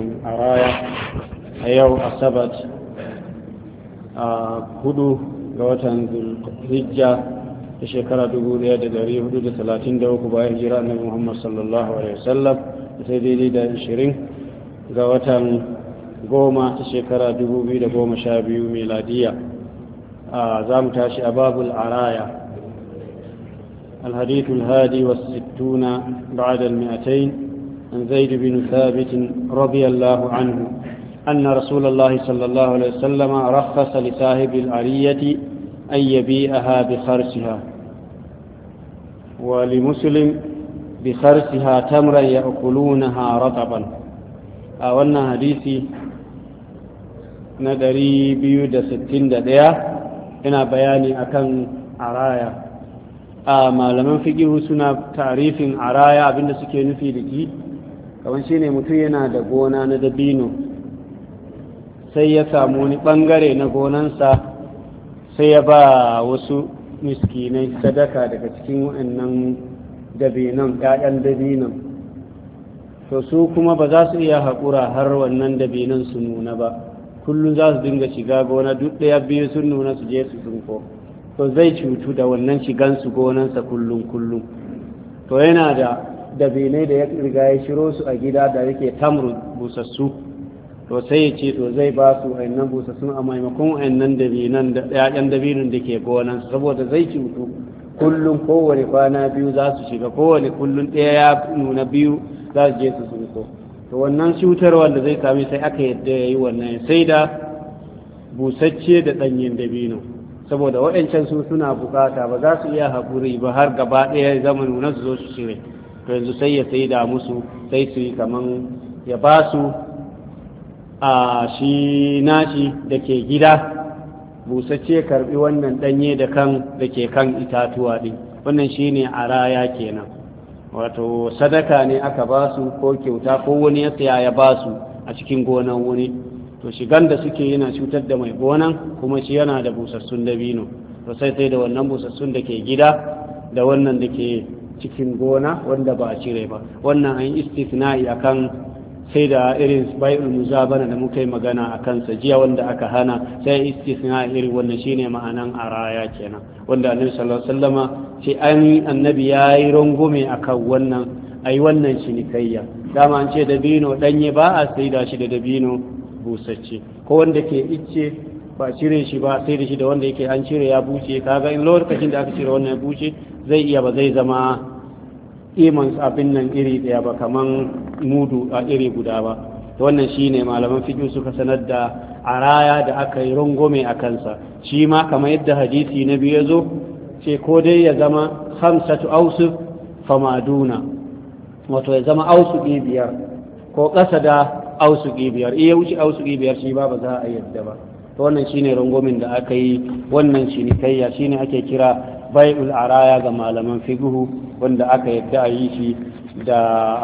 a raya a yau asabat a hudu ga watan hijja ta shekara 1433 bayan jira annabi muhammad sallallahu alaihi wasallam ta daidai da 20 ga watan goma ta shekara 2012 miladiya za mu tashi a babul araya الحديث الهادي والستون بعد المئتين عن زيد بن ثابت رضي الله عنه أن رسول الله صلى الله عليه وسلم رخص لصاحب العرية أن يبيعها بخرسها ولمسلم بخرسها تمرا يأكلونها رطبا أولنا حديثي na ɗari biyu da sittin da ɗaya yana bayani akan araya a malaman fikihu suna tarifin araya abinda suke nufi da ki shi ne mutum yana da gona na dabino sai ya samu wani bangare na gonansa sai ya ba wasu miskinai sadaka daga cikin waɗannan dabinan ƴaƴan dabinan to su kuma ba za su iya haƙura har wannan dabinan su nuna ba kullum za su dinga shiga gona duk ɗaya biyu sun nuna su je su tsinko to zai cutu da wannan shigansu gonansa kullum kullum to yana da da bene da ya riga ya shiro su a gida da yake tamru busassu to sai ya ce to zai ba su ainihin busassun a maimakon da dabinan da ƴaƴan dabinin da ke gonan saboda zai cutu kullum kowane kwana biyu za su shiga kowane kullum ɗaya ya nuna biyu za su je su su to wannan cutar wanda zai sami sai aka yadda ya yi wannan sai da busacce da ɗanyen dabino saboda waɗancan su suna bukata ba za su iya haƙuri ba har gaba ɗaya zama nuna su zo su shirya to yanzu sai ya sai da musu sai su yi kaman ya ba su a shi nashi da ke gida busacce karbi wannan danye da kan da ke kan itatuwa din wannan shine araya kenan wato sadaka ne aka ba su ko kyauta ko wani ya saya ya ba su a cikin gonan wani to shigan da suke yana cutar da mai gonan kuma shi yana da busassun dabino to sai sai da wannan busassun da ke gida da wannan da ke cikin gona wanda ba a cire ba wannan an a akan sai da irin bai'ul muzabana da muka yi magana a kansa jiya wanda aka hana sai istisna irin wannan shine ma'anan araya kenan wanda annabi sallallahu alaihi wasallama sai an annabi yayi rungume akan wannan ai wannan cinikayya dama an ce dabino danye ba a sai da shi da dabino busacce ko wanda ke icce ba cire shi ba sai da shi da wanda yake an cire ya buce kaga in lokacin da aka cire wannan ya buce zai iya ba zai zama iman abin nan iri daya ba kaman mudu a iri guda ba wannan shine malaman fiqh suka sanar da araya da aka yi rungume a kansa shi ma kamar yadda hadisi na biyu ya zo ce ko dai ya zama hamsatu ausuf famaduna wato ya zama Ausu biyar ko ƙasa da Ausu biyar iya wuce Ausu biyar shi ba ba za a yadda ba wannan shine rangwamin da aka yi wannan shi shine ake kira bai'ul araya ga malaman fiqhu wanda aka yadda a yi shi da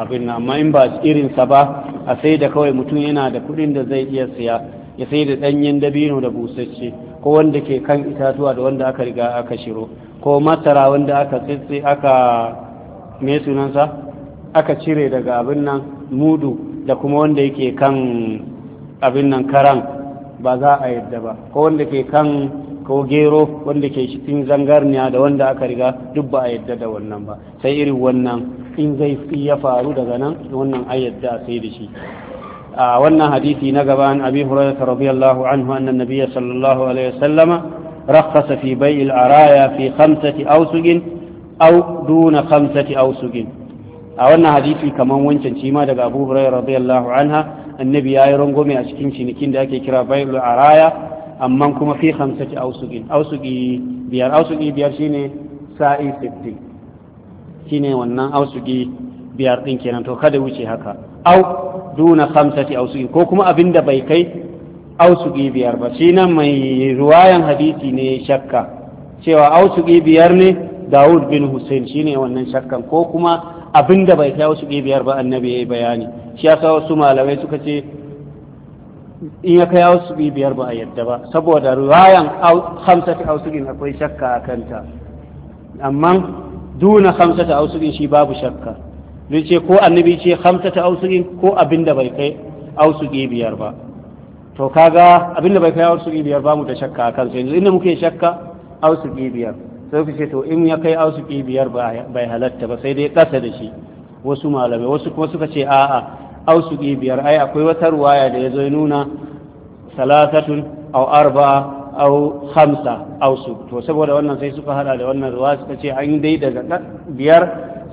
abin amma in ba irinsa ba a sai da kawai mutum yana da kuɗin da zai iya siya ya sai da ɗanyen dabino da busasshe ko wanda ke kan itatuwa da wanda aka riga aka shiro ko masara wanda aka tsitsi aka me sunansa aka cire daga abin nan mudu da kuma wanda yake kan abin nan karan ba za a yadda ba ko wanda ke kan ko gero wanda ke cikin zangarniya da wanda aka riga duk ba a yadda da wannan ba sai irin wannan in zai ya faru daga nan wannan a yadda sai da shi a wannan hadisi na gaba an abi hurairah radiyallahu anhu anna nabiyya sallallahu alaihi wasallama rakhasa fi bai'il araya fi khamsati awsugin aw duna khamsati awsugin a wannan hadisi kaman wancan cima daga abu hurairah radiyallahu anha annabi ya yi rangwame a cikin cinikin da ake kira a raya amma kuma fi hamsati ausuki Ausugi biyar ausugi biyar shi sa'in sa'i sittin ne wannan ausugi biyar ɗin kenan to kada wuce haka au duna hamsati ausugi ko kuma abin da bai kai ausugi biyar ba shi nan mai ruwayan hadisi ne shakka cewa ausugi biyar ne Dawud bin Hussein shi ne wannan shakkan ko kuma abinda bai kai wasu biyar ba annabi ya yi bayani shi ya sa wasu malamai suka ce in ya kai wasu biyar ba a yadda ba saboda ruwayan hamsata ausugin akwai shakka a kanta amma duna hamsata ausugin shi babu shakka zai ce ko annabi ce hamsata ausugin ko abinda bai kai ausugi biyar ba to kaga abinda bai kai ausugi biyar ba mu da shakka a kansa yanzu inda muke shakka ausugi biyar sai ku ce to in ya kai ausuki biyar bai halatta ba sai dai kasa da shi wasu malamai wasu kuma suka ce a'a suki biyar ai akwai wata ruwaya da ya zo nuna salatatun au arba au hamsa ausu to saboda wannan sai suka hada da wannan ruwa suka ce an dai daga biyar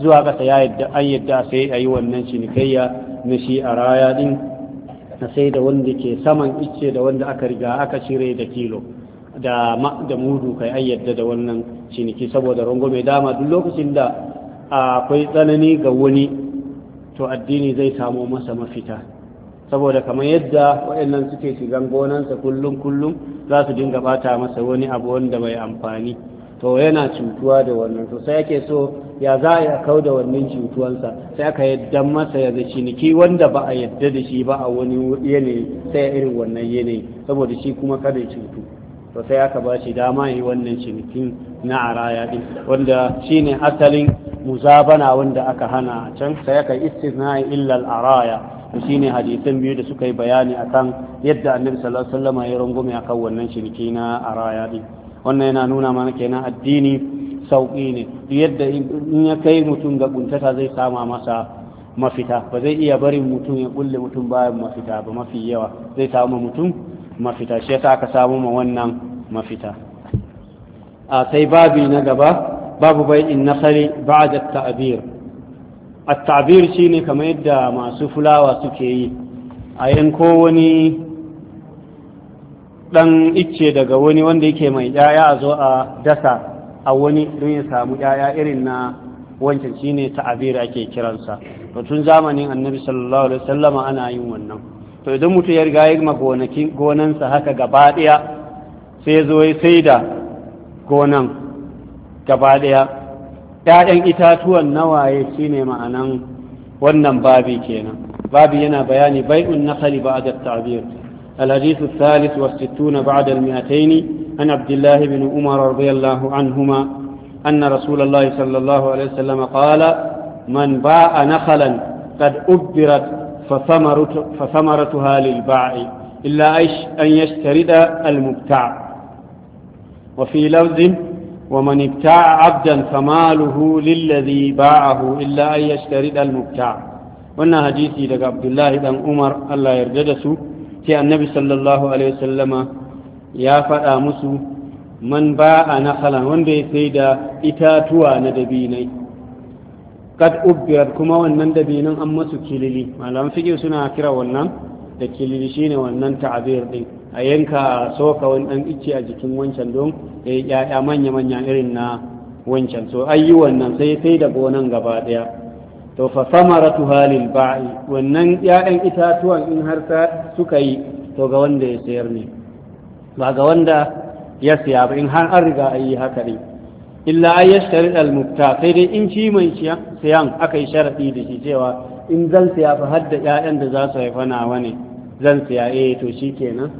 zuwa kasa ya yadda an yadda sai a yi wannan cinikayya na shi a raya din na sai da wanda ke saman icce da wanda aka riga aka cire da kilo da mudu kai an da wannan ciniki saboda mai dama duk lokacin da akwai tsanani ga wani to addini zai samo masa mafita saboda kamar yadda waɗannan suke shigan gonansa kullum kullum za su dinga bata masa wani abu wanda mai amfani to yana cutuwa da wannan to sai yake so ya za a kau da wannan cutuwansa sai aka yadda masa ya zai ciniki wanda ba a yadda da shi ba a wani yanayi sai irin wannan yanayi saboda shi kuma kada cutu to sai aka ba shi dama yi wannan cinikin na araya din wanda shine asalin muzabana wanda aka hana can sai aka istisna illa al-araya shine hadisan biyu da suka yi bayani akan yadda annabi sallallahu alaihi wasallam ya rungume akan wannan shirki na araya din wannan yana nuna mana kenan addini sauki ne yadda in ya kai mutum ga kuntata zai sama masa mafita ba zai iya barin mutum ya kulle mutum bayan mafita ba mafi yawa zai samu mutum mafita shi yasa aka samu ma wannan mafita sai babi na gaba babu bai ba da ta'abir ta'bir ta'abir shi ne kamar yadda masu fulawa suke yi a yanko wani dan icce daga wani wanda yake mai yaya a zo a dasa a wani don ya samu yaya irin na wancan shi ne ta'abir ake kiransa to tun zamanin annabi sallallahu alaihi wasallama ana yin wannan to idan mutum ya riga ya magonansa haka gaba daya sai zo ya saida gonan gaba ɗaya ‘ya'yan itatuwan nawaye shine ma'anan wannan babi kenan babi yana bayani bai'un nakali ba a ta'bir الحديث الثالث والستون بعد المئتين عن عبد الله بن عمر رضي الله عنهما أن رسول الله صلى الله عليه وسلم قال من باع نخلا قد أبرت فثمرت فثمرتها للباع إلا أن يشترد المبتاع وفي لفظ ومن ابتاع عبدا فماله للذي باعه إلا أن يشترد المبتاع wannan hadisi daga abdullahi dan umar allah yarda da su ce annabi sallallahu alaihi wasallama ya faɗa musu man ba a nakala wanda ya sai da itatuwa na dabinai kad ubbiyar kuma wannan dabinan an masu kilili malaman fiƙe suna kira wannan da kilili shine wannan ta'abir din a yanka soka wani ɗan icce a jikin wancan don ya yi ƴaƴa manya-manya irin na wancan so an yi wannan sai sai daga wannan gaba ɗaya to fa samaratu halil ba'i wannan ƴaƴan itatuwan in har suka yi to ga wanda ya sayar ne ba ga wanda ya siya ba in har an riga ayi haka ne illa ay yashtari al almukta, sai dai in ci mai siyan aka yi sharadi da shi cewa in zan siya fa har da ƴaƴan da za su haifa nawa ne zan siya eh to shikenan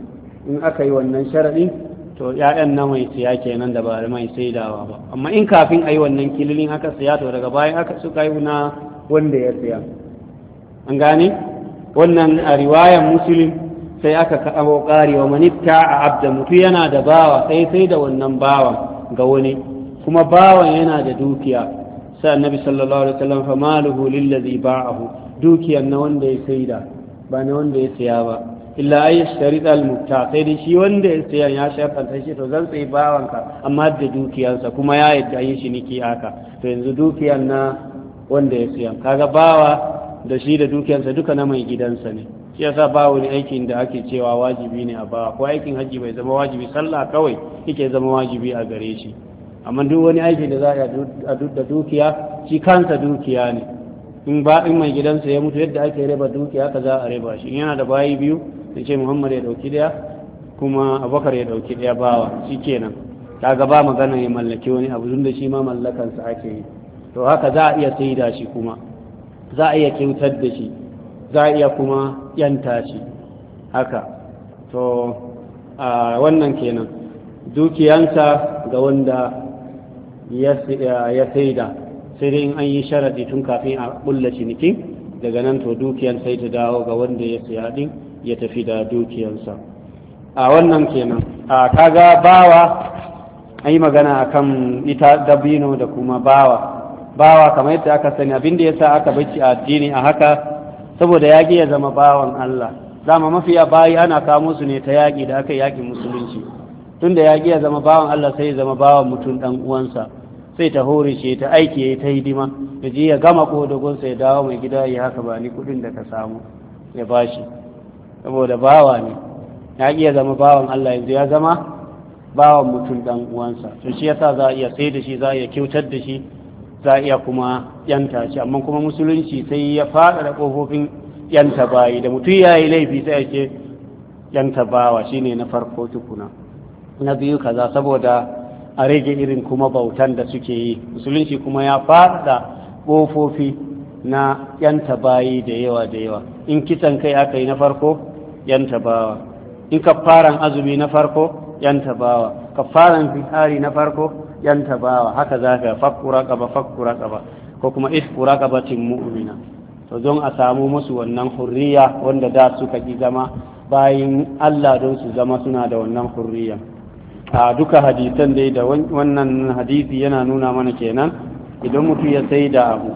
in aka yi wannan sharaɗin, to ‘ya'yan na mai siya kenan da ba mai saidawa ba amma in kafin a yi wannan kililin aka siya to daga bayan aka suka yi na wanda ya siya an gane wannan a riwayan musulun sai aka kawo ƙari wa manitta a abda mutu yana da bawa sai sai da wannan bawa ga wani kuma bawan yana da dukiya sai annabi sallallahu alaihi wasallam fa maluhu lillazi ba'ahu dukiyan na wanda ya saida ba na wanda ya siya ba illa ay sharid al mubta sai shi wanda ya saya ya shartanta shi to zan tsaye bawanka amma da dukiyarsa kuma ya yadda yin shi niki haka to yanzu dukiyar na wanda ya saya kaga bawa da shi da dukiyarsa duka na mai gidansa ne shi yasa ba wani aikin da ake cewa wajibi ne a bawa ko aikin hajji bai zama wajibi sallah kawai yake zama wajibi a gare shi amma duk wani aiki da za a da dukiya shi kansa dukiya ne in ba in mai gidansa ya mutu yadda ake raba dukiya ka za a raba shi in yana da bayi biyu ce muhammad ya dauki daya kuma abubakar ya dauki daya bawa shi kenan ta gaba magana ya mallaki wani abu tun da shi ma mallakansa ake yi to haka za a iya saida shi kuma za a iya kyautar da shi za a iya kuma yanta shi haka to a wannan kenan dukiyansa ga wanda ya saida sai dai an yi sharaɗi tun kafin a bulla ciniki daga nan to dukiyan sai ta dawo ga wanda ya siya din ya tafi da dukiyansa a wannan kenan a kaga bawa an yi magana kan ita dabino da kuma bawa bawa kamar yadda aka sani abin da sa aka bacci a addini a haka saboda yaƙi ya zama bawan Allah dama mafiya bayi ana kamo su ne ta yaƙi da aka yaƙi musulunci tunda yaƙi ya zama bawan Allah sai ya zama bawan mutum ɗan uwansa sai ta horishe, ta aiki ya ta hidima ya je ya gama kodogonsa ya dawo mai gida ya haka ba ni kuɗin da ka samu ya bashi saboda bawa ne ya iya zama bawan Allah yanzu ya zama bawan mutum dan uwansa to shi yasa za a iya sai da shi za a iya kyautar da shi za a iya kuma yanta shi amma kuma musulunci sai ya fada da kofofin yanta bayi da mutum ya yi laifi sai ake yanta bawa shine na farko tukuna na biyu kaza saboda a rage irin kuma bautan da suke yi musulunci kuma ya fada kofofi na yanta bayi da yawa da yawa in kisan kai aka yi na farko yan tabawa in kafaran azumi na farko yan tabawa kafaran fihari na farko yan tabawa haka za ka fakkura kaba fakkura kaba ko kuma iskura tin mu'mina to don a samu musu wannan hurriya wanda da suka ki zama bayin Allah don su zama suna da wannan hurriya a duka hadisan dai da wannan hadisi yana nuna mana kenan idan mutu ya sai da abu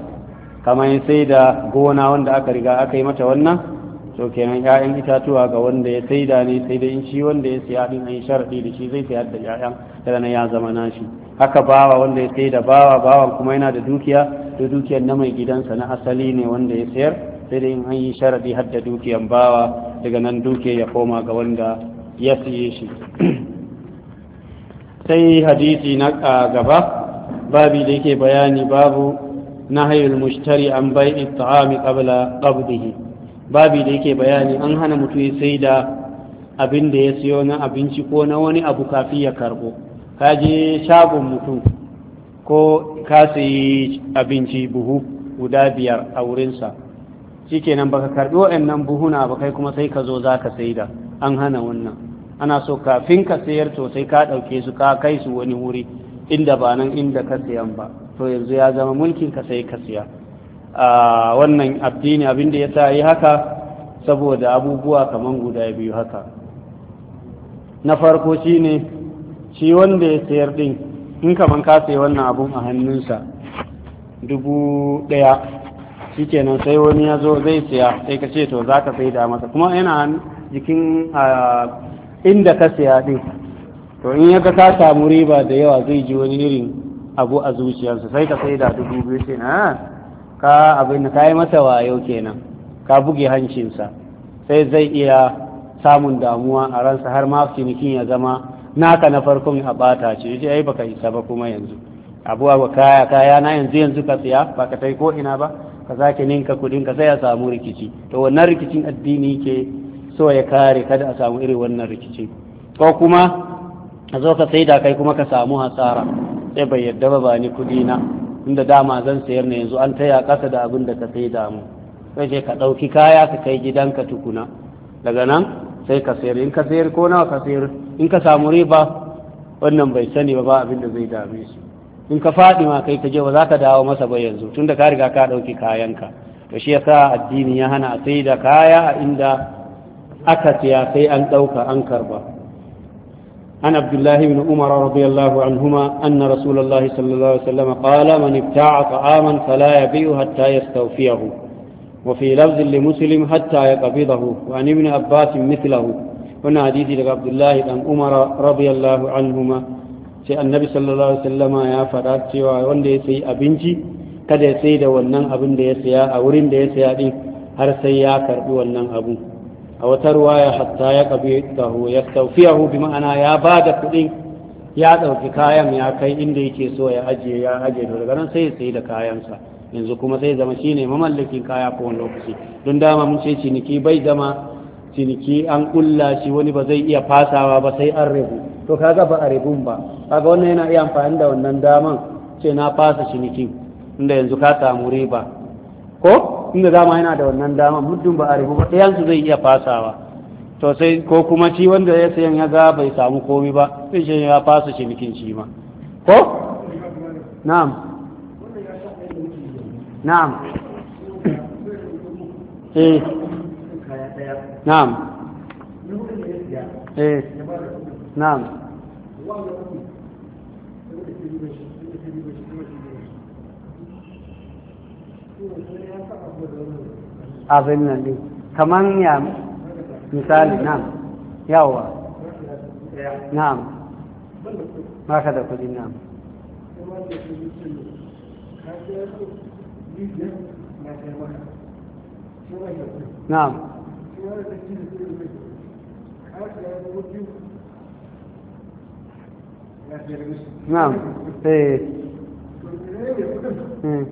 kamar ya sai da gona wanda aka riga aka yi mata wannan so kenan ya'yan itatuwa ga wanda ya saida ne sai dai shi wanda ya siya din ayi sharadi da shi zai sayar da ƴaƴan sannan ya zama nashi haka bawa wanda ya saida bawa bawan kuma yana da dukiya to dukiyar na mai gidansa na asali ne wanda ya sayar sai dai an yi sharadi har da dukiyar bawa daga nan dukiyar ya koma ga wanda ya siye shi sai hadisi na gaba babi da yake bayani babu nahayul mushtari an bai'i ta'ami qabla qabdihi babi da yake bayani an hana mutum ya sai da abin da ya siyo na abinci ko na wani abu kafi ya karbo ka je shagon mutum ko ka sayi abinci buhu guda biyar a wurinsa shikenan baka karbi waɗannan buhuna ba kai kuma sai ka zo za ka sai da an hana wannan ana so kafin ka sayar to sai ka ɗauke su ka kai su wani wuri inda ba nan inda ka sayan ba to yanzu ya zama mulkin ka sai ka siya wannan addini abin da ya sa yi haka saboda abubuwa kamar guda biyu haka na farko shi ne shi wanda ya sayar din in kamar ka sayi wannan abun a hannunsa dubu ɗaya shi kenan sai wani ya zo zai siya sai ka ce to za ka sai da masa kuma yana jikin inda ka siya din to in ya ka samu riba da yawa zai ji wani irin abu a zuciyarsa sai ka sai da dubu biyu sai na ka abin da ka yi masa wayo kenan ka buge hancinsa sai zai iya samun damuwa a ransa har ma cinikin ya zama naka na farkon a bata ce ya ai baka isa ba kuma yanzu abuwa ba kaya kaya na yanzu yanzu ka siya ba ka tai ko ina ba ka zaki ninka kudin ka sai ya samu rikici to wannan rikicin addini ke so ya kare kada a samu irin wannan rikici ko kuma a zo ka sai da kai kuma ka samu hasara sai bai yadda ba ba ni kudi na inda dama zan sayar ne yanzu an taya kasa da abin da ka sai damu sai ka ɗauki kaya ka kai gidanka tukuna daga nan sai ka sayar in ka sayar ko nawa ka sayar in ka samu riba wannan bai sani ba ba abin da zai dame shi in ka faɗi ma kai ka je ba za ka dawo masa ba yanzu tunda ka riga ka ɗauki kayanka to shi yasa addini ya hana a sai da kaya a inda aka siya sai an ɗauka an karba عن عبد الله بن عمر رضي الله عنهما أن رسول الله صلى الله عليه وسلم قال من ابتاع طعاما فلا يبيع حتى يستوفيه وفي لفظ لمسلم حتى يقبضه وعن ابن عباس مثله هنا حديث لك عبد الله بن عمر رضي الله عنهما sai annabi sallallahu alaihi wasallama ya fara cewa wanda ya sayi abinci kada ya sai da wannan abin da ya saya a wurin da ya saya din har sai ya karbi wannan abu a wata ya hatta ya kabi ya taufiyahu bi ma'ana ya ba da kuɗin ya ɗauki kayan ya kai inda yake so ya ajiye ya ajiye to daga nan sai ya sayi da kayansa yanzu kuma sai zama shine mamallakin kaya ko wani lokaci don dama mun ce ciniki bai zama ciniki an ƙulla shi wani ba zai iya fasawa ba sai an rabu to kaga ba a rabun ba kaga wannan yana iya amfani da wannan daman ce na fasa ciniki inda yanzu ka samu riba ko inda dama yana da wannan dama muddin ba a ribu ba ɗayansu zai iya fasawa to sai ko kuma shi wanda ya sayan ya ga bai samu komi ba sai shi ya fasa mikin shi ma ko na'am na'am eh na'am eh na'am abin nan ne kamar ya misali na? yawa na'am maka da kudi na'am na'am na'am eh hmm.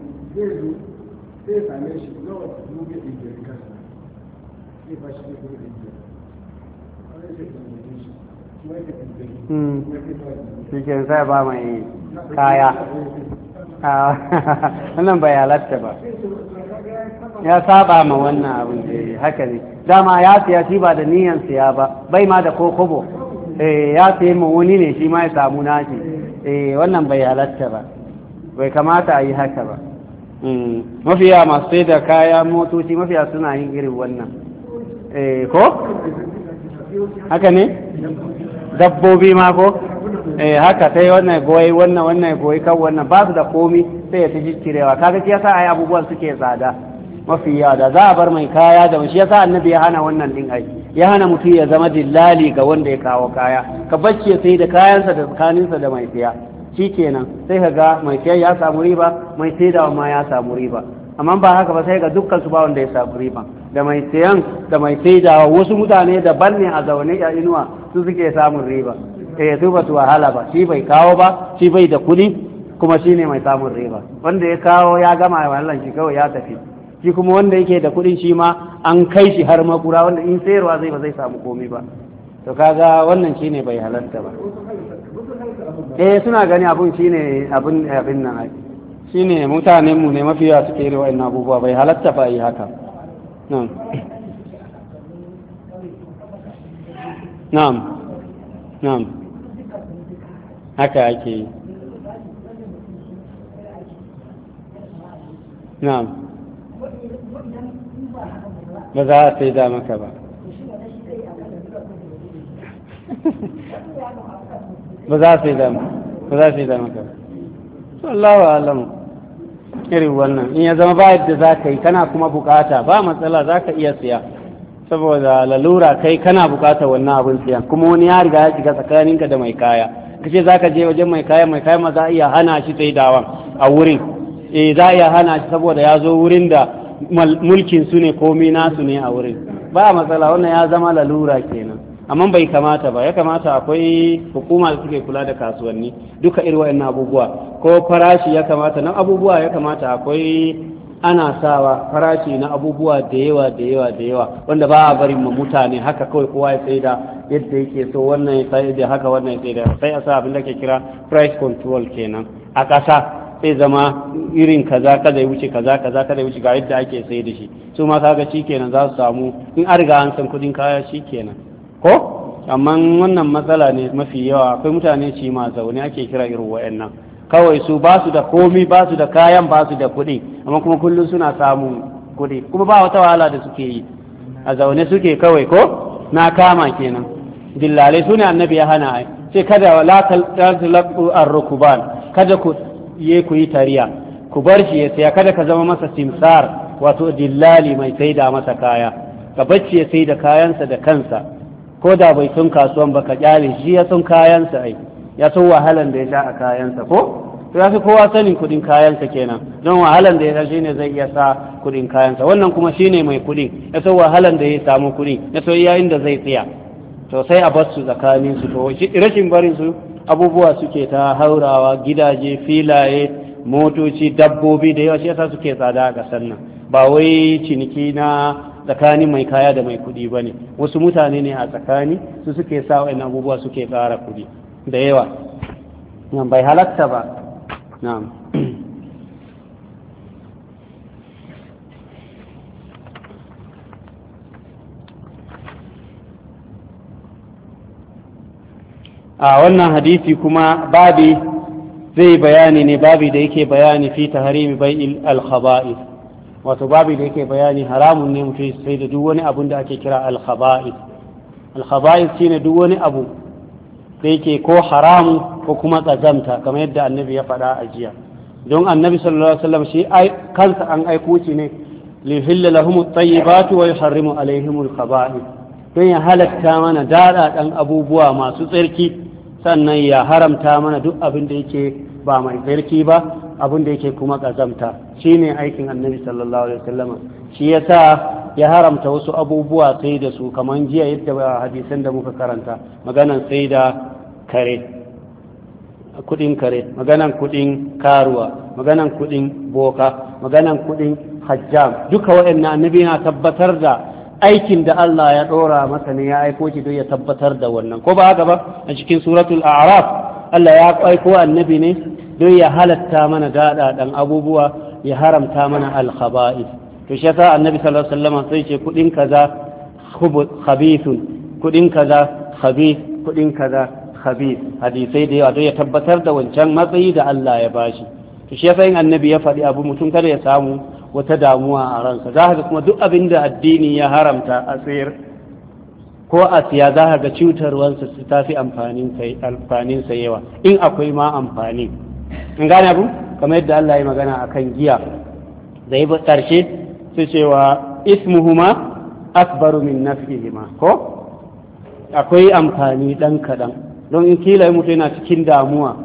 dubu kasa ba shi wani shi kuma shi sai hmm. ba mai kaya ah, wannan bai halatta ba ya saba ma wannan abin da haka ne dama ya siya shi ba da niyan siya ba bai ma da kokobo eh, ya siya ma wani ne shi ma ya samu nashi eh, wannan bai halatta ba bai kamata a yi haka ba Mm. mafiya masu sai da kaya motoci mafiya suna yin irin wannan eh, ko haka ne dabbobi ma ko eh, haka sai wannan goyi wannan wannan goyi kan wannan ba su da komi sai ya tafi cirewa kaga shi yasa ai abubuwan suke tsada mafi da za a bar mai kaya da shi yasa annabi ya hana wannan din ai ya hana mutum ya zama dillali ga wanda ya kawo kaya ka bacci ya sai da kayansa da tsakaninsa da mai siya kenan sai ka ga mai siyar ya samu riba mai saidawa ma ya samu riba amma ba haka ba sai ga dukkan su ba wanda ya samu riba da mai siyan da mai saidawa wasu mutane da banne a zaune a inuwa su suke samun riba eh su ba su wahala ba shi bai kawo ba shi bai da kuɗi kuma shi ne mai samun riba wanda ya kawo ya gama wahalan shi kawai ya tafi shi kuma wanda yake da kuɗin shi ma an kai shi har makura wanda in sayarwa zai ba zai samu komi ba to kaga wannan shine bai halarta ba eh suna gani abun shine abun abin nan shine mutanen mu ne mafi yawa suke da wa'annan abubuwa bai halatta ba yi haka na'am na'am na'am haka ake yi na'am ba za a sai da maka ba ba za su yi dama ba za su yi dama ka to Allah wa alamu irin wannan in ya zama ba yadda za ka yi kana kuma bukata ba matsala za ka iya siya saboda lalura kai kana bukatar wannan abin siya kuma wani ya riga ya shiga tsakaninka da mai kaya ka ce za ka je wajen mai kaya mai kaya ma za a iya hana shi yi dawa a wurin eh za a iya hana shi saboda ya zo wurin da mulkin su ne komai nasu ne a wurin ba matsala wannan ya zama lalura kenan amma bai kamata ba ya kamata akwai hukuma da suke kula da kasuwanni duka irin na abubuwa ko farashi ya kamata na abubuwa ya kamata akwai ana sawa farashi na abubuwa da yawa da yawa da yawa wanda ba a barin mu mutane haka kawai kowa ya tsaida yadda yake so wannan ya tsaida haka wannan ya tsaida sai a sa abin da ke kira price control kenan a ƙasa sai zama irin kaza kada ya wuce kaza kaza kada ya wuce ga yadda ake sai da shi su ma kaga kenan za su samu in an riga an san kudin kaya shi kenan. ko amma wannan matsala ne mafi yawa akwai mutane ci ma zaune ake kira irin wayannan kawai su ba su da komi ba su da kayan ba su da kuɗi amma kuma kullum suna samun kuɗi kuma ba wata wahala da suke yi a zaune suke kawai ko na kama kenan dillalai su ne annabi ya hana ai sai kada la talabu ar-rukban kada ku ye ku yi tariya ku bar shi ya saya kada ka zama masa simsar wato dillali mai saida masa kaya ka bacci ya sai da kayansa da kansa ko da bai tun kasuwan ba ka kyale shi ya san kayansa ai ya san wahalan da ya sha a kayansa ko to ya fi kowa sanin kudin kayansa kenan don wahalan da ya sha shine zai iya sa kudin kayansa wannan kuma shine mai kudin ya san wahalan da ya samu kudi ya san yayin da zai tsaya to sai a bar su tsakanin su to rashin barin su abubuwa suke ta haurawa gidaje filaye motoci dabbobi da yawa shi yasa suke tsada a ƙasar nan ba wai ciniki na tsakanin mai kaya da mai kuɗi ba ne wasu mutane ne a tsakani su suke sa wa'in abubuwa suke tsara kuɗi da yawa nan bai halatta ba na'am a wannan hadisi kuma babi zai bayani ne babi da yake bayani fi taharimi bai al-khaba'is wato babu da yake bayani haramun ne mutum sai da duk wani abun da ake kira alkhaba'is alkhaba'is shine duk wani abu da yake ko haramu ko kuma tsazamta kamar yadda annabi ya faɗa a jiya don annabi sallallahu alaihi wasallam shi kansa an aiko shi ne li hilla lahum at-tayyibat wa yuharrimu alaihim al-khaba'ith don ya halatta mana dada dan abubuwa masu tsarki sannan ya haramta mana duk abin da yake ba mai tsarki ba abin da yake kuma kazamta shine aikin annabi sallallahu alaihi wasallam shi yasa ya haramta wasu abubuwa sai da su kamar jiya yadda hadisan da muka karanta maganan sai da kare kudin kare maganan kudin karuwa maganan kudin boka maganan kudin hajjam duka waɗannan annabi yana tabbatar da aikin da Allah ya ɗora masa ne ya aiko shi don ya tabbatar da wannan ko ba haka ba a cikin suratul a'raf Allah ya aiko annabi ne don ya halatta mana daɗaɗan abubuwa ya haramta mana alkhaba'is to shi yasa annabi sallallahu alaihi wasallam sai ce kudin kaza khabithun kudin kaza khabith kudin kaza khabith hadisai da yawa ya tabbatar da wancan matsayi da Allah ya bashi to shi yasa in annabi ya faɗi abu mutum kada ya samu wata damuwa a ransa za ka kuma duk abin da addini ya haramta a tsayar ko a siya za ka ga cutarwansa su tafi amfanin sa yawa in akwai ma amfani in gane abu kamar yadda Allah ya magana a kan giya da yi karshe su cewa ismuhuma akbaru min nafihima ko akwai amfani dan kaɗan don in kila mutu yana cikin damuwa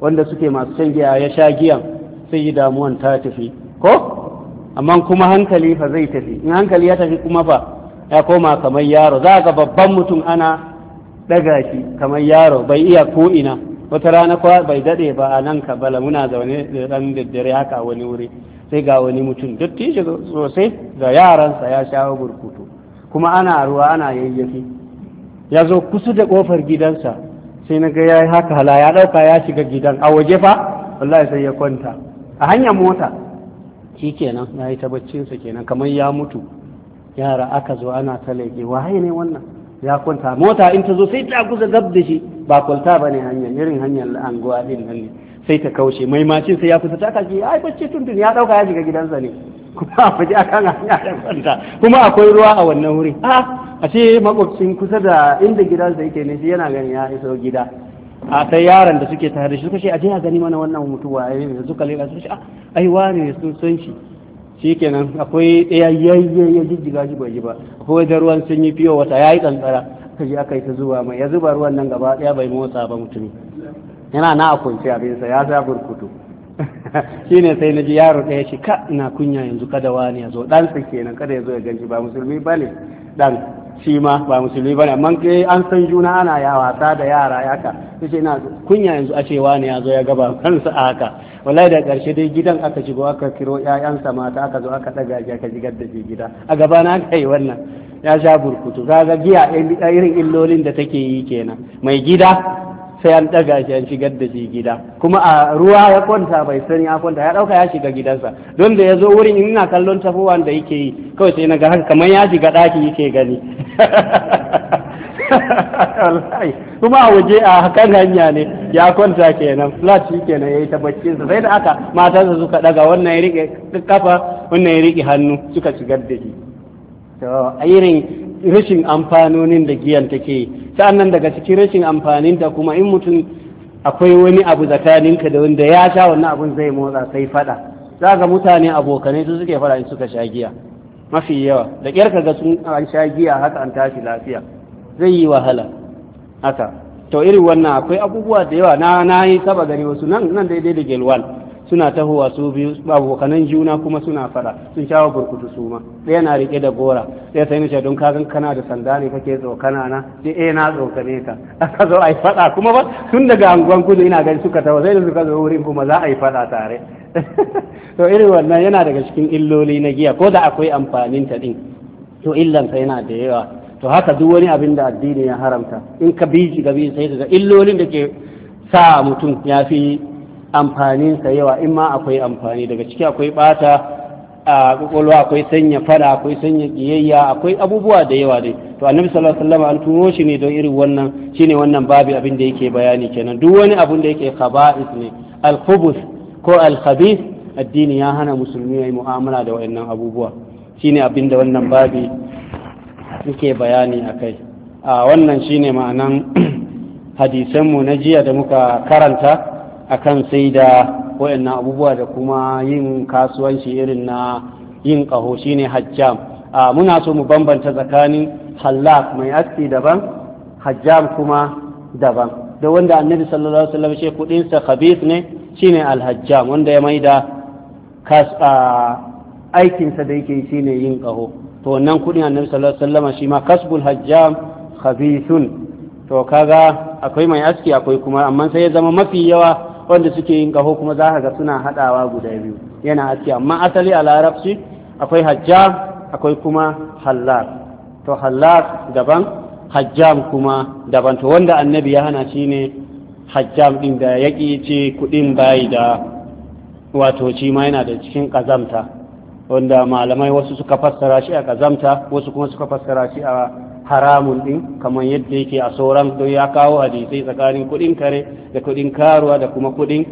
wanda suke masu shan giya ya sha giyan sai yi damuwan ta tafi ko amma kuma hankali fa zai tafi in hankali ya tafi kuma fa ya koma kamar yaro za ga babban mutum ana ɗaga shi kamar yaro bai iya ko ina wata rana kuwa bai daɗe ba a nan kabala muna zaune da ɗan daddare haka wani wuri sai ga wani mutum dattijo sosai da yaransa ya shawo burkutu kuma ana ruwa ana yayyafi ya zo kusa da ƙofar gidansa sai na ga ya yi haka hala ya ɗauka ya shiga gidan a waje fa wallahi sai ya kwanta a hanyar mota shi kenan ya yi ta kenan kamar ya mutu yara aka zo ana ta leƙe waye ne wannan ya kwanta mota in ta zo sai ta kusa gab da shi ba kwalta ba ne hanyar irin hanyar anguwa din nan ne sai ta kaushe mai macin sai ya kusa ta kashi ai bacci tuntun ya dauka ya shiga gidansa ne kuma a faɗi akan hanya kwanta kuma akwai ruwa a wannan wuri a ce makwabcin kusa da inda gidansa yake ne shi yana ganin ya iso gida a sai yaran da suke tare da shi suka ce a je a gani mana wannan mutuwa da suka lera suka ce ah, ai wane sun san shi shikenan akwai ɗaya yayye ya jijjiga shi bai ba akwai da ruwan sun yi fiyo wata yayi kankara aka je aka yi ta zuwa mai ya zuba ruwan nan gaba ɗaya bai motsa ba mutum yana na akwai kunce abinsa ya za burkutu shi ne sai na ji yaro ɗaya shi ka ina kunya yanzu kada wani ya zo ɗansa kenan kada ya zo ya ganci ba musulmi ba ne ɗan shi ma ba musulmi ba ne amma an san juna ana ya wasa da yara ya ka ta ce ina kunya yanzu a ce wani ya zo ya gaba kansa a haka wallahi da ƙarshe dai gidan aka shigo aka kiro ƴaƴansa mata aka zo aka ɗaga shi aka shigar da shi gida a gaba na aka yi wannan ya sha burkutu kaga giya irin illolin da take yi kenan mai gida sai an ɗaga shi an shigar da shi gida kuma a ruwa ya kwanta bai sani ya kwanta ya ɗauka ya shiga gidansa don da ya zo wurin ina kallon tafowan da yake yi kawai sai na ga haka kamar ya shiga ɗaki yake gani kuma a waje a kan hanya ne ya kwanta kenan flat shi kenan ya yi ta baccinsa sai da aka matarsa suka ɗaga wannan ya riƙe kafa wannan ya riƙe hannu suka shigar da shi rashin amfanonin da giyan take sa'annan daga cikin rashin amfaninta kuma in mutum akwai wani abu tsakaninka da wanda ya sha wannan abun zai motsa sai fada za ga mutane abokanai su suke fara in suka sha giya mafi yawa da kyar ka ga sun an sha giya haka an tashi lafiya zai yi wahala haka to irin wannan akwai abubuwa da yawa na na yi saba gani wasu nan nan daidai da gelwal suna tahowa su biyu abokanan juna kuma suna fada sun shawo burkutu su ma ɗaya na riƙe da gora ɗaya sai ni don kagan kana da sanda ne kake tsokana na Sai eh na tsokane ka aka zo a yi fada kuma ba tun daga anguwan kudu ina gani suka taho sai da suka zo wurin kuma za a yi fada tare to irin wannan yana daga cikin illoli na giya ko da akwai amfanin ta din to illansa yana da yawa to haka duk wani abin da addini ya haramta in ka bi shi gabi sai da illolin da ke sa mutum ya fi amfaninsa yawa in ma akwai amfani daga ciki akwai bata a kwakwalwa akwai sanya fada akwai sanya kiyayya akwai abubuwa da yawa dai to annabi sallallahu alaihi wasallam an turo shi ne don irin wannan shine wannan babi abin da yake bayani kenan duk wani abin da yake khaba'is ne al khubuth ko al khabith addini ya hana musulmi yayi mu'amala da wayannan abubuwa shine abin da wannan babi yake bayani akai a wannan shine ma'anan hadisanmu na jiya da muka karanta akan sai da waɗannan abubuwa da kuma yin kasuwanci irin na yin ƙaho shine hajjam muna so mu bambanta tsakanin hallak mai aski daban hajjam kuma daban da wanda annabi sallallahu alaihi wasallam shi kudin khabith ne shine alhajjam wanda ya maida kas aikin sa da yake shine yin ƙaho to wannan kudin annabi sallallahu alaihi wasallam shi ma kasbul hajjam khabithun to kaga akwai mai aski akwai kuma amma sai ya zama mafi yawa wanda suke yin kaho kuma za ka ga suna haɗawa guda biyu yana aski amma asali a larabci akwai hajjam akwai kuma hallar to hallar daban hajjam kuma daban to wanda annabi ya hana shi ne hajjam ɗin da ya ce kuɗin bayi da wato shi ma yana da cikin ƙazamta wanda malamai wasu suka fassara shi a ƙazamta wasu kuma suka fassara shi a haramun din kamar yadda yake a sauran to ya kawo hadisai tsakanin kudin kare da kudin karuwa da kuma kuɗin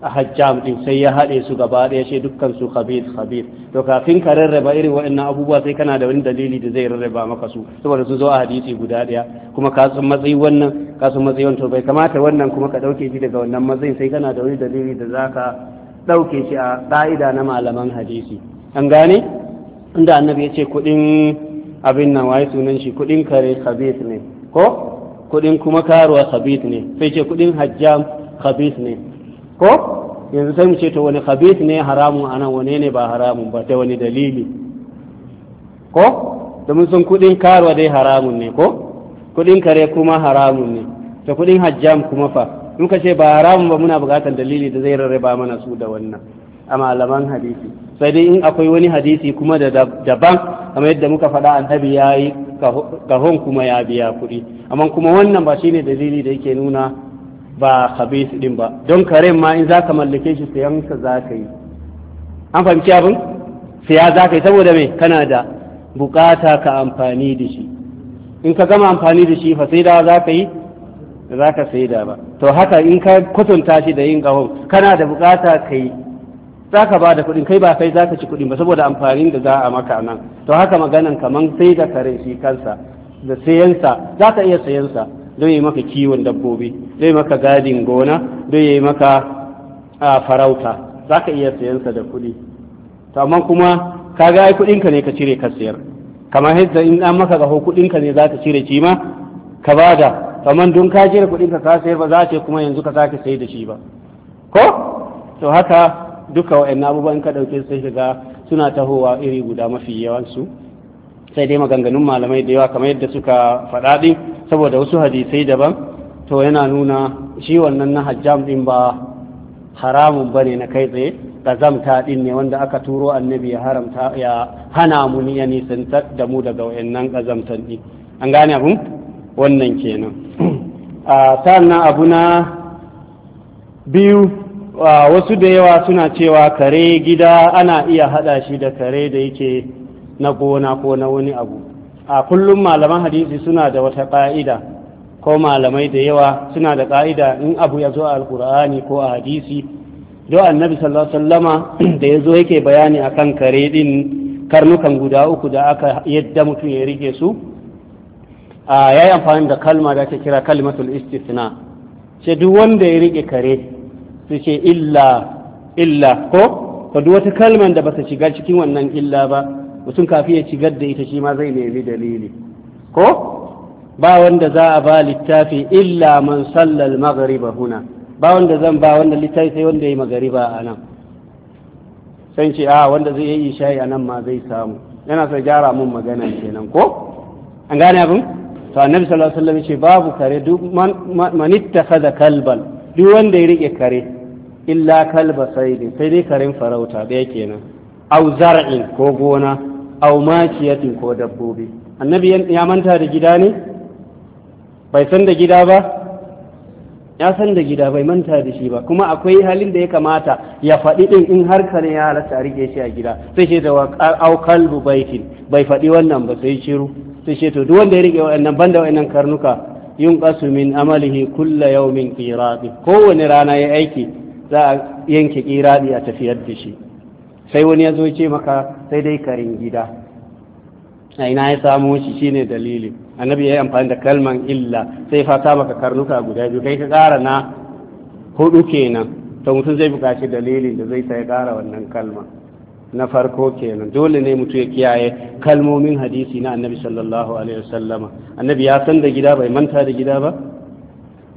a hajjam din sai ya haɗe su gaba ɗaya sai dukkan su khabir khabir to kafin ka rarraba irin waɗannan abubuwa sai kana da wani dalili da zai rarraba maka su saboda su zo a hadisi guda ɗaya kuma ka san matsayi wannan ka san matsayi wannan to bai kamata wannan kuma ka ɗauke shi daga wannan matsayin sai kana da wani dalili da zaka ɗauke shi a ƙa'ida na malaman hadisi an gane inda annabi ya ce kuɗin abin nan waye sunan shi kudin kare khabith ne ko kudin kuma karuwa khabith ne sai ce kudin hajjam khabith ne ko yanzu sai mu ce to wani khabith ne haramun anan wane ne ba haramun ba ta wani dalili ko domin sun kudin karuwa dai haramun ne ko kudin kare kuma haramun ne to kudin hajjam kuma fa in ka ce ba haramun ba muna bukatar dalili da zai rarraba mana su da wannan amma malaman hadisi sai dai in akwai wani hadisi kuma da daban kamar yadda muka faɗa tabi ya yi kahon kuma ya biya kuɗi amma kuma wannan ba shine dalili da yake nuna ba habis din ba don karen ma in zaka mallake shi siyansa za ka yi an fahimci abin siya za ka yi saboda me kana da bukata ka amfani da shi in ka gama amfani da shi fa sai da za ka yi za ka sai da ba to haka in ka kwatanta shi da yin kahon kana da bukata ka yi za ka ba da kuɗin kai ba kai za ka ci kuɗin ba saboda amfanin da za a maka nan to haka maganan kaman sai da kare shi kansa da sayansa za ka iya sayansa don yi maka kiwon dabbobi don yi maka gadin gona don yi maka farauta za ka iya sayansa da kuɗi to amma kuma ka ga ai kuɗinka ne ka cire ka sayar kamar yadda in an maka gaho kuɗinka ne za ka cire shi ma ka bada kamar don ka cire kuɗinka ka sayar ba za a ce kuma yanzu ka sake sayar da shi ba ko to haka duka wa'in abubuwan ka ɗauke su shiga suna tahowa iri guda mafi yawansu sai dai maganganun malamai da yawa kamar yadda suka faɗa ɗin saboda wasu hadisai daban to yana nuna shi wannan na hajjam ɗin ba haramun ba ne na kai tsaye ƙazamta ɗin ne wanda aka turo annabi ya haramta ya hana mu ya nisantar da mu daga wa'annan ƙazamtan ɗin an gane abu wannan kenan a ah, sannan abu na biyu wasu da yawa suna cewa kare gida ana iya hada shi da kare da yake na gona ko na wani abu a kullum malaman hadisi suna da wata ƙa'ida ko malamai da yawa suna da ka'ida in abu ya zo a alkur'ani ko a hadisi do annabi sallallahu alaihi da ya yake bayani akan kare din karnukan guda uku da aka yadda mutum ya rike su a yayi amfani da kalma da ake kira kalimatul istisna sai duk wanda ya rike kare su ce illa illa ko to duk wata kalman da bata shiga cikin wannan illa ba mutum kafi ya shigar da ita shi ma zai nemi dalili ko ba wanda za a ba littafi illa man sallal maghriba huna ba wanda zan ba wanda littafi sai wanda ya magariba a nan sai ce a ah, wanda zai yi shayi a nan ma zai samu yana sai gyara mun magana kenan ko an gane abin to annabi sallallahu alaihi wasallam ce babu kare duk man ittakhadha kalban duk wanda ya rike kare illa kalba saidi sai dai karin farauta ɗaya kenan au zar'in ko gona au makiyatin ko dabbobi annabi ya manta da gida ne bai san da gida ba ya san da gida bai manta da shi ba kuma akwai halin da ya kamata ya faɗi ɗin in har kare ya halatta a rike shi a gida sai ce da au kalbu baitin bai faɗi wannan ba sai shiru sai ce to duk wanda ya rike wannan banda wannan karnuka yunqasu min amalihi kullu yawmin qirati kowane rana ya aiki za a yanke kirani a tafiyar da shi sai wani ya zo ce maka sai dai karin gida a ina ya samo shi shine dalilin annabi ya yi amfani da kalman illa sai fata maka karnuka guda biyu kai ka ƙara na hudu kenan to mutum zai buƙaci dalilin da zai sai kara wannan kalma na farko kenan dole ne mutum ya kiyaye kalmomin hadisi na annabi sallallahu alaihi wasallama annabi ya san da gida bai manta da gida ba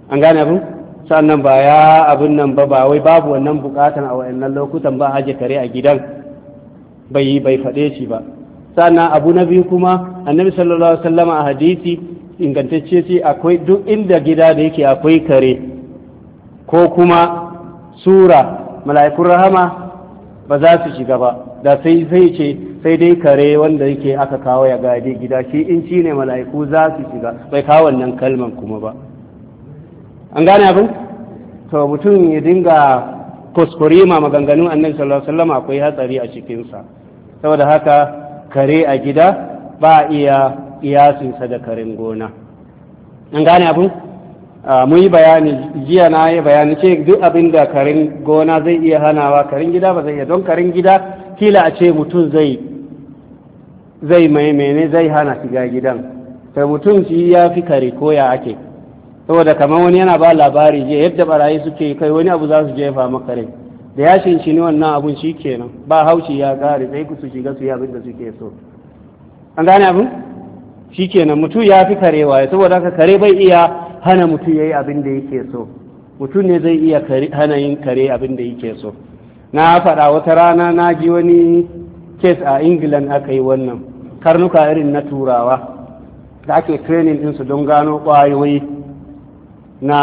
an gane abu sannan ba ya abin nan ba ba wai babu wannan bukatan a nan lokutan ba aje kare a gidan bai bai faɗe shi ba sannan abu na biyu kuma annabi sallallahu alaihi wasallam a hadisi ingantacce ce akwai duk inda gida da yake akwai kare ko kuma sura mala'ikun rahama ba za su shiga ba da sai sai ce sai dai kare wanda yake aka kawo ya gadi gida shi in shi ne mala'iku za su shiga bai kawo wannan kalman kuma ba an gane abin to mutum ya dinga kuskure ma maganganun annabi sallallahu alaihi wasallam akwai hatsari a cikinsa saboda haka kare a gida ba iya iyasinsa da karin gona an gane abin mun yi bayani jiya na yi bayani ce duk abin da karin gona zai iya hanawa karin gida ba zai iya don karin gida kila a ce mutum zai zai maimene zai hana shiga gidan sai mutum shi ya fi kare koya ake saboda kamar wani yana ba labari je yadda barayi suke kai wani abu za su jefa maka rai da ya shinshini wannan abun shi kenan ba haushi ya kare sai ku su shiga su yi abin da suke so an gane abin shi kenan mutum ya fi karewa ya saboda haka kare bai iya hana mutum ya yi abin da yake so mutum ne zai iya hana yin kare abin da yake so na faɗa wata rana na ji wani kes a england aka yi wannan karnuka irin na turawa da ake training ɗinsu don gano ƙwayoyi na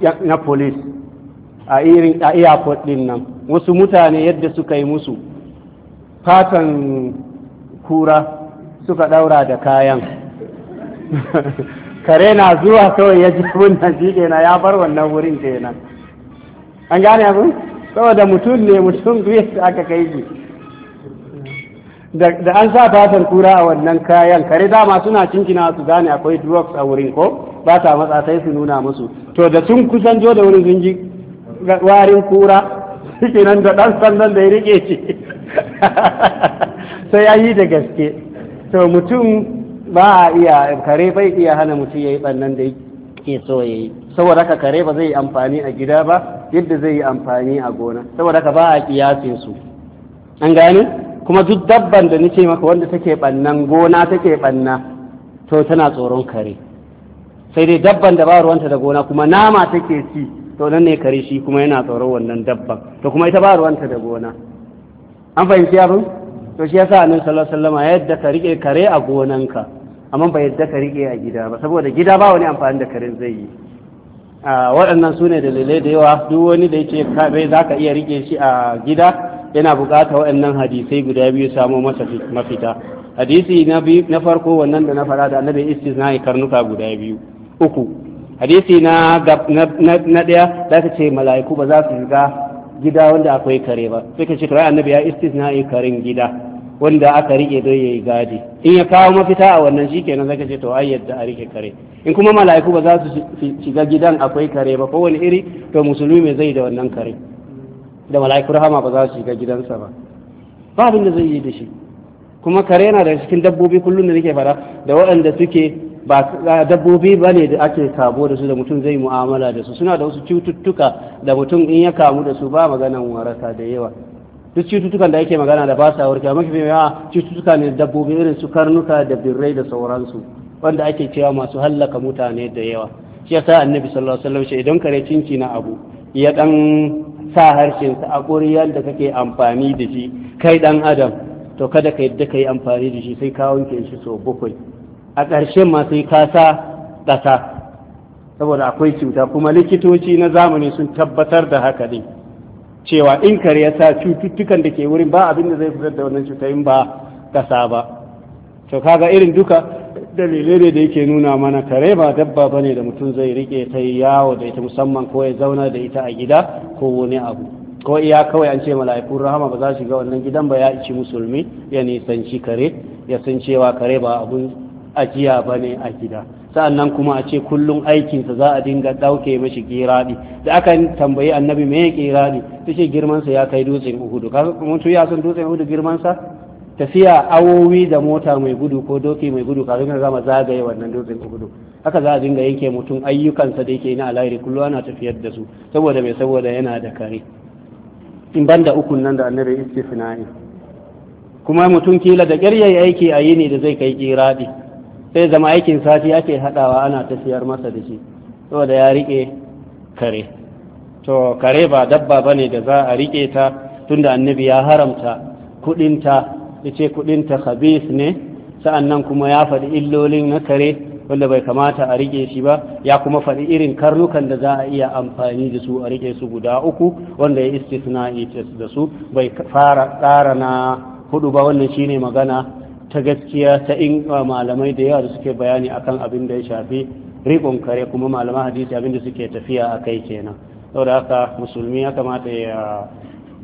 na police a irin a airport din nan wasu mutane yadda suka yi musu fatan kura suka daura da kayan kare na zuwa kawai ya ji wannan shi na ya bar wannan wurin kenan an gane abin saboda mutum ne mutum duk aka kai shi da an sa fatar kura a wannan kayan kare dama suna cinkina su gane akwai drugs a wurin ko ba ta matsa sai su nuna musu to da sun kusan jo da wurin sun ji warin kura suke nan da ɗan sandan da ya rike ce sai ya yi da gaske to mutum ba a iya kare bai iya hana mutum ya yi bannan da ke so ya yi saboda haka kare ba zai yi amfani a gida ba yadda zai yi amfani a gona saboda haka ba a kiyasin su an gane kuma duk dabban da nake maka wanda take bannan gona take banna to tana tsoron kare sai dai dabban da ba ruwanta da gona kuma nama take ci to nan ne kare shi kuma yana tsoron wannan dabban to kuma ita ba ruwanta da gona an fahimci abin to shi yasa annabi sallallahu alaihi wasallam yadda ka rike kare a gonanka amma ba yadda ka rike a gida ba saboda gida ba wani amfani da karen zai yi ah, waɗannan su ne dalilai da yawa duk wani da yake bai za ka iya rike shi a gida yana bukata waɗannan hadisai guda biyu samo masa mafita hadisi na biyu na farko wannan da na fara da annabi yi karnuka guda biyu uku hadisi na ɗaya daya da ka ce mala'iku ba za su shiga gida wanda akwai kare ba sai ka ce kare annabi ya yi karin gida wanda aka rike don yi gadi in ya kawo mafita a wannan shikenan zaka ce to ai yadda a rike kare in kuma mala'iku ba za su shiga gidan akwai kare ba ko wani iri to musulmi zai da wannan kare da mala'ikun rahama ba za su shiga gidansa ba ba abin da zai yi da shi kuma kare yana da cikin dabbobi kullum da nake fara da waɗanda suke ba dabbobi ba ne da ake kabo da su da mutum zai mu'amala da su suna da wasu cututtuka da mutum in ya kamu da su ba maganan waraka da yawa duk cututtukan da ake magana da ba sa warkewa mafi yawa cututtuka ne dabbobi irin su karnuka da birrai da sauransu wanda ake cewa masu hallaka mutane da yawa shi yasa annabi sallallahu alaihi wasallam idan kare cinci na abu ya dan sa harshensa a ƙuriyar da kake amfani da shi kai ɗan adam to kada ka yadda ka yi amfani da shi sai ka wanke shi so a ƙarshen masu sai ka sa ƙasa saboda akwai cuta kuma likitoci na zamani sun tabbatar da haka ne cewa in kare ya sa cututtukan da ke wurin ba abin da zai fitar da wannan cuta in ba ƙasa ba to kaga irin duka dalilai ne da yake nuna mana kare ba dabba ba ne da mutum zai rike ta yawo da ita musamman ko ya zauna da ita a gida ko wani abu ko iya kawai an ce mala'ikun rahama ba za su ga wannan gidan ba ya ici musulmi ya nisanci kare ya san cewa kare ba abun ajiya ba ne a gida sa'annan kuma a ce kullum aikinsa za a dinga ɗauke mashi kiradi da aka tambayi annabi me ya kiradi ta ce girmansa ya kai dutsen uhudu kuma mutu ya san dutsen uhudu girmansa tafiya awowi da mota mai gudu ko doki mai gudu kafin ka zama zagaye wannan dutsen gudu, haka za a dinga yanke mutum ayyukansa da yake na alayri kullum ana tafiyar da su saboda mai saboda yana da kare in banda ukun nan da annabi istisna'i kuma mutum kila da ƙyar yayi aiki a yini da zai kai kiradi sai zama aikin sati ake hadawa ana tafiyar masa da shi saboda ya rike kare to kare ba dabba bane da za a rike ta tunda annabi ya haramta ta. ya ce ta khabis ne sa'annan kuma ya faɗi illolin na kare wanda bai kamata a rike shi ba ya kuma faɗi irin karnukan da za a iya amfani da su a rike su guda uku wanda ya istisna da su bai fara tsara na hudu ba wannan shine magana ta gaskiya ta in malamai da yawa da suke bayani akan abin da ya shafi rikon kare kuma malaman hadisi abin da suke tafiya a kai kenan saboda haka musulmi ya kamata ya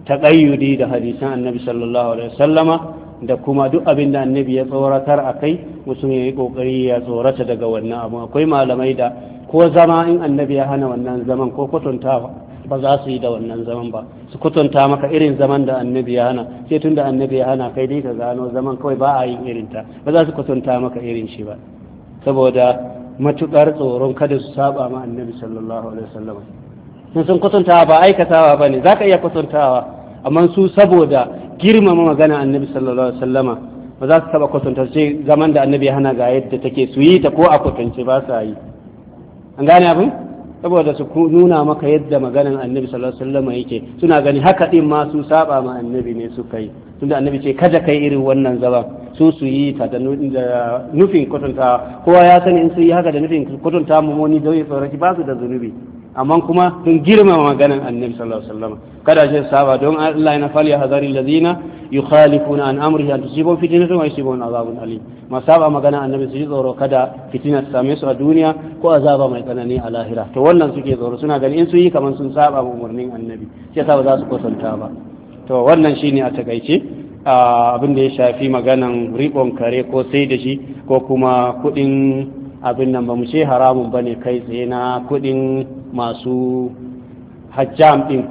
taƙayyudi da hadisan annabi sallallahu alaihi wasallama da kuma duk abin da annabi ya tsoratar a kai mutum ya yi kokari ya tsorata daga wannan abu akwai malamai da ko zama in annabi ya hana wannan zaman ko kwatanta ba za su yi da wannan zaman ba su kwatanta maka irin zaman da annabi ya hana sai tun da annabi ya hana kai dai ka gano zaman kawai ba a yin ta. ba za su kwatanta maka irin shi ba saboda matuƙar tsoron kada su saba ma annabi sallallahu alaihi wasallam sun sun kwatantawa ba aikatawa ba ne za ka iya kwatantawa amma su saboda girmama magana annabi sallallahu alaihi wasallama ba za su taba ce zaman da annabi ya hana ga yadda take su yi ta ko a kwatance ba sa yi an gane abin saboda su nuna maka yadda maganan annabi sallallahu alaihi wasallama yake suna gani haka din ma su saba ma annabi ne su kai tunda annabi ce kada kai irin wannan zaba su su yi ta da nufin kwatanta kowa ya sani in su yi haka da nufin kwatanta mu ni dauye tsoraki ba su da zunubi amma kuma sun girmama maganan annabi sallallahu alaihi wasallam kada shi saba don Allah yana fali hazari ladina yukhalifuna an amri an tusibu fitnatun wa yusibu azabun alim ma saba maganan annabi su ji tsoro kada fitina ta same su a duniya ko azaba mai tsanani a lahira to wannan suke tsoro suna gani in su yi kaman sun saba umurnin umarnin annabi sai saba za su kusanta ba to wannan shine a takaice abin da ya shafi maganan ribon kare ko sai da shi ko kuma kuɗin abin nan ba mu ce haramun bane kai tsaye na kuɗin masu hajjam din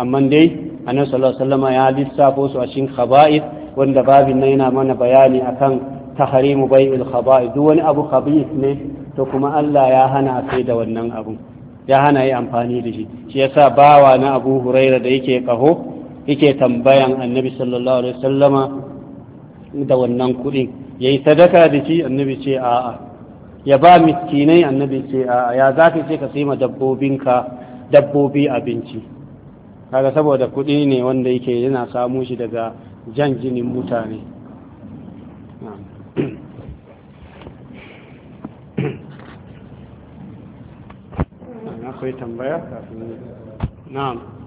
amma dai annabi sallallahu alaihi wasallam ya lissafo su a cikin khaba'id wanda babin nan yana mana bayani akan tahrimu bai'il khaba'id duk wani abu khabis ne to kuma Allah ya hana kai da wannan abu ya hana yi amfani da shi shi yasa bawa na Abu Huraira da yake kaho yake tambayan annabi sallallahu alaihi wasallama da wannan kuɗin yayi sadaka da shi annabi ce a'a ya ba miskinai annabi ce a ya za ka ce ka sai ma dabbobinka dabbobi abinci kaga saboda kuɗi ne wanda yake yana samu shi daga jan jinin mutane na'am